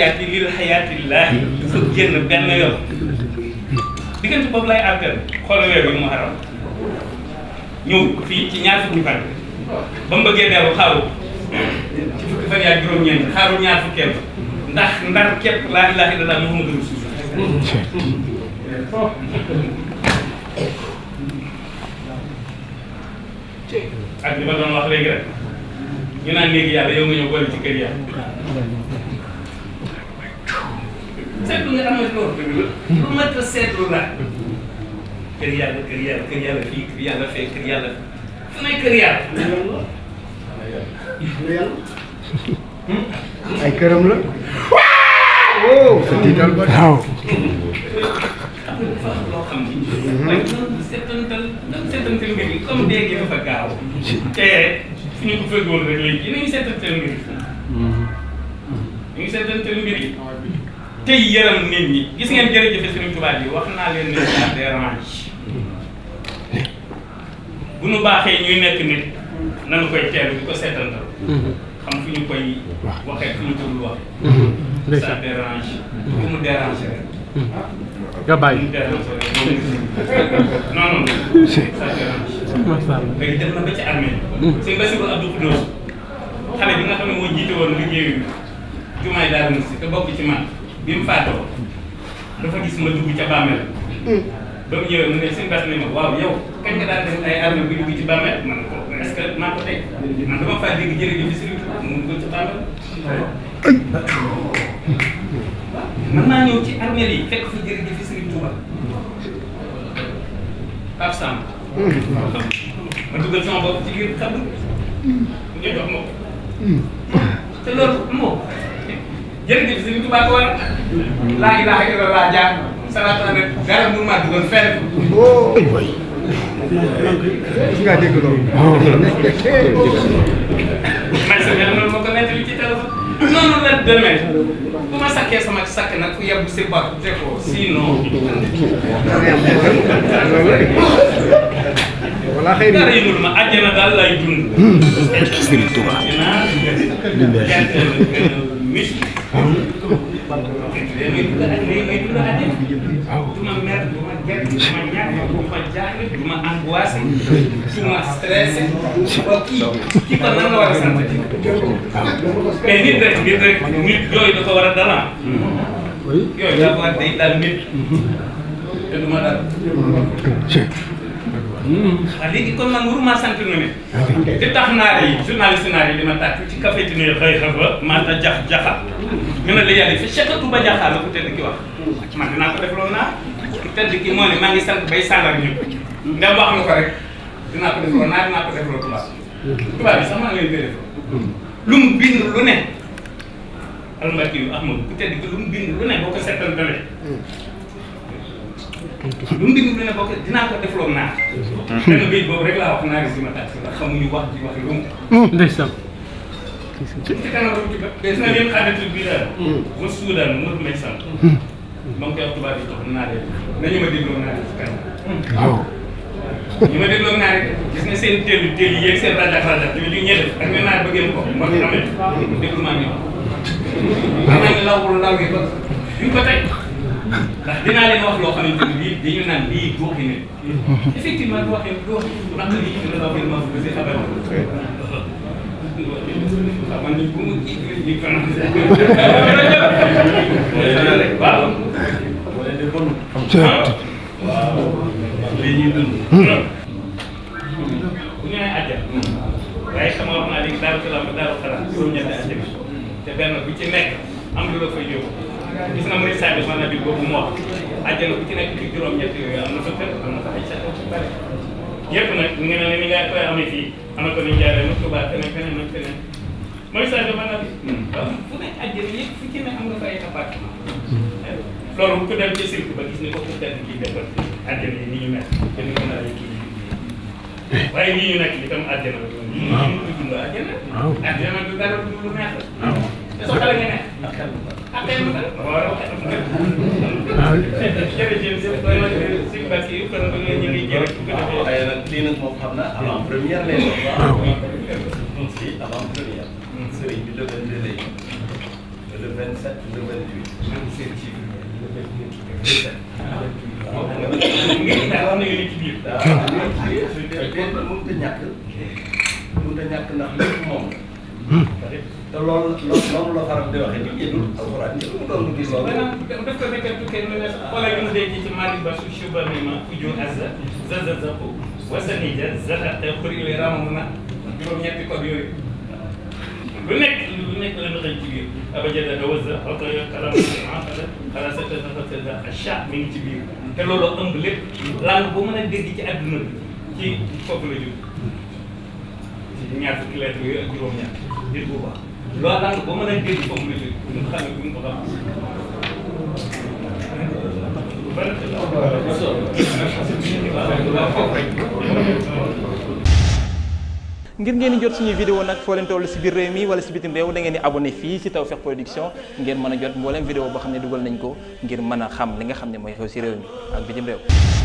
xayaati lil xayaatillaahi dafa génn benn yoon diggante boobu lay àggal xoola weer yu mu xaram ñëw fii ci ñaar fukki fan ba mu bëggee dellu xaaru ci fukki fan yaa juróom-ñeent xaaru ñaar fukki fan ndax ndar képp laa ilaaha illallaah muhammadu rasuulullaah ak li ma doon wax léegi rek ñu naan léegi yàlla yow nga ñëw boole ci kër yàlla seetlu nga am na loolu. dëgg lu mat a seetlu la. kër yàlla kër yàlla kër yàlla fii kër yàlla fee kër yàlla fu ne kër yàlla. ay këram la. waaw. sa tiital ba waaw. loo xam ni. settantal settantal nga ni comme dégg dafa te fi ñu ko fekkoon rek léegi yéen a tey yaram nit ñi gis ngeen jërëjëf Serigne Touba bi wax naa leen ne ça dérange bu nu baaxee ñuy nekk nit nanu koy teeru di ko seetantal xam fu ñu koy waxee fu ñu ko dul waxee ça dérange bu mu dérange rek nga bàyyi non non ça dérange léegi dem na ba ci armée hmm. sëñ Bassirou Abdou Khoudoss xale bi nga xam ne moo jiite woon liggéeyu jumaay Daaru Muxti te bokk ci man bi mu faatoo dafa gis ma dugg ca bàmmeel hmm. ba mu ñëwee ne seen bas ne ma waaw yow kañ nga daan def bi dugg ci bàmmeel man ko est-ce que maa ko tey man dama faa dégg jërëjëf si surtout mu dugg ci bàmmeel mën naa ñëw ci armeel yi fekk fa jërëjëf Serigne Touba Pape hmm. ma dugal sama bopp ci biir xam hmm. nga jox ma ko te loolu moo jërëjëf Serigne Touba ko waral laa ilaaha illallaah jaar salaatu ala dara mu ma dugal fenn. gis ngaa dégg loolu. man sa mère noonu moo ko nettali ci téléphone. noonu la demee bu ma sakkee sama sakk nag ku yebbu si ba te ko sinon. voilà xëy na dara yëngu ma àjjana daal lay dund. Hmm. Serigne duma mer duma gerte duma ñàkk duma jàng duma angoissé duma stressé ba kii kii kon nan nga war a sant te nit rek nit rek nit yooyu dafa war a dalaa yooyu dafa war day dal nit te duma dal waaw hmm. ah, léegi kon man waruma sant nu ne. di tax naar yi journaliste naar yi di ma tàcc ci café ci nuyu xëy xëy ba maanaam jax jaxa. ñu hmm. ne la yàlla fi Cheikh Touba Diakha la ku tedd ki wax. Hmm. man dinaa ko def loolu naa. ku tedd ki moo ne maa ngi sant bay sàllar ñu. ndem wax nga ko rek dinaa ko def loolu naa dinaa ko def loolu tubaab. tubaab bi sax ngi leen di def. lu mu bind lu ne. almati yu Ahmadu ku tedd ki lu mu bind lu ne boo ko seetal dalee. lu mu déglu ne bokk dinaa ko defloon naa. dana béy boobu rek laa wax naa leen si ma tax ndax xamuñu wax ji wax lu. Hmm. ndeysaan. ci kanam rek ci bët. des na leen xaaratul bii daal. Hmm. ba Soudan Modou Mbaye sant. ma ngi koy wax tubaab yi jox naa leen nañu ma naa leen si kanam. waaw. ñu ma dégloon naa gis nga seen teel teel yi yéeg seen rajo rajo yooyu ñu ñëwee ak ñu naan bëggee ko man xamee déglu maa ngi wax. waaw maa ngi lawul law gi ba duñ ko tey. ndax dinaa leen wax loo xamante ni bii dañu naan lii dooxi ne effectivement dooxi dooxi raq li philosophiquement vous êtes abal man ni bu mu ni waaw wala de bon waaw li ñuy dund bu ñu nee àjjana waaye sama wax naa léegi daaru salaam daaru xalaat juróom-ñetti àjjana te benn bu ci nekk am lu la fa yóbbu gis na muy saa bi maanaam biir boobu moo àjjana ku ci nekk ci juróom-ñett yooyu am na fa kër am na fa ay sax ci bëri yëpp nag ñu ngi ne ni nga koy amee fii am na ni jaaree nag Tuubaa feneen feneen ak feneen mooy saa bi maanaam hmm. bi waaw fu ne àjjana yëpp fu ci ne am nga fa ay appartement hmm. loolu bu ko dem ci cirque ba gis ni ko ku tedd kii defal àjjana yi ni ñu mel te ni ko nar a kii waaye lii ñu nekk itam àjjana la. waaw hmm. lii ñu dund àjjana. waaw àjjana du dara du lu neex la. waaw te soxla nga neex. waaw. jërëjëf sëñ Bakir kon ba nga ñëwee jërëjëf bu ko defee. waaye nag lii nag moom xam naa avant première lay doon. waaw si avant première. sëriñ bi le 22 lay le 27 le 28. le 27 ci le 28. waaw xam nga nag xam nga li ci biir. waaw xam nga li ci biir. mënut a ñàkk mënut a ñàkk ndax lépp moom la. te loolu loolu la faral di waxee di jëndul ko nekkal mu ne xoolal ñu Ba su Chouba Mima Ujo Azza Zaza Zapo Wasanija Zaza te Xurile Ramamuna juróom-ñetti code yooyu. lu nekk lu nekk la nga xëy ci biir abajada da wasa oto yo kalamaaada xala sa taafatda acha mi ngi te loolu ëmb lépp langue bu mën a dégg ci àdduna bi ci foofu la jóg ci ñaar fukki lettre yooyu ak juróom-ñaar ngir bu baax loolu daanaka ba mën a dégg comme ngeen jot suñuy vidéo nag foo leen si biir réew mi wala si bitim réew dangeen ngeen di abonné fii si Tawfekh Production ngeen mën a jot mbooleem vidéo boo xam ne dugal nañ ko ngir mën a xam li nga xam ne mooy xew si réew mi ak bitim réew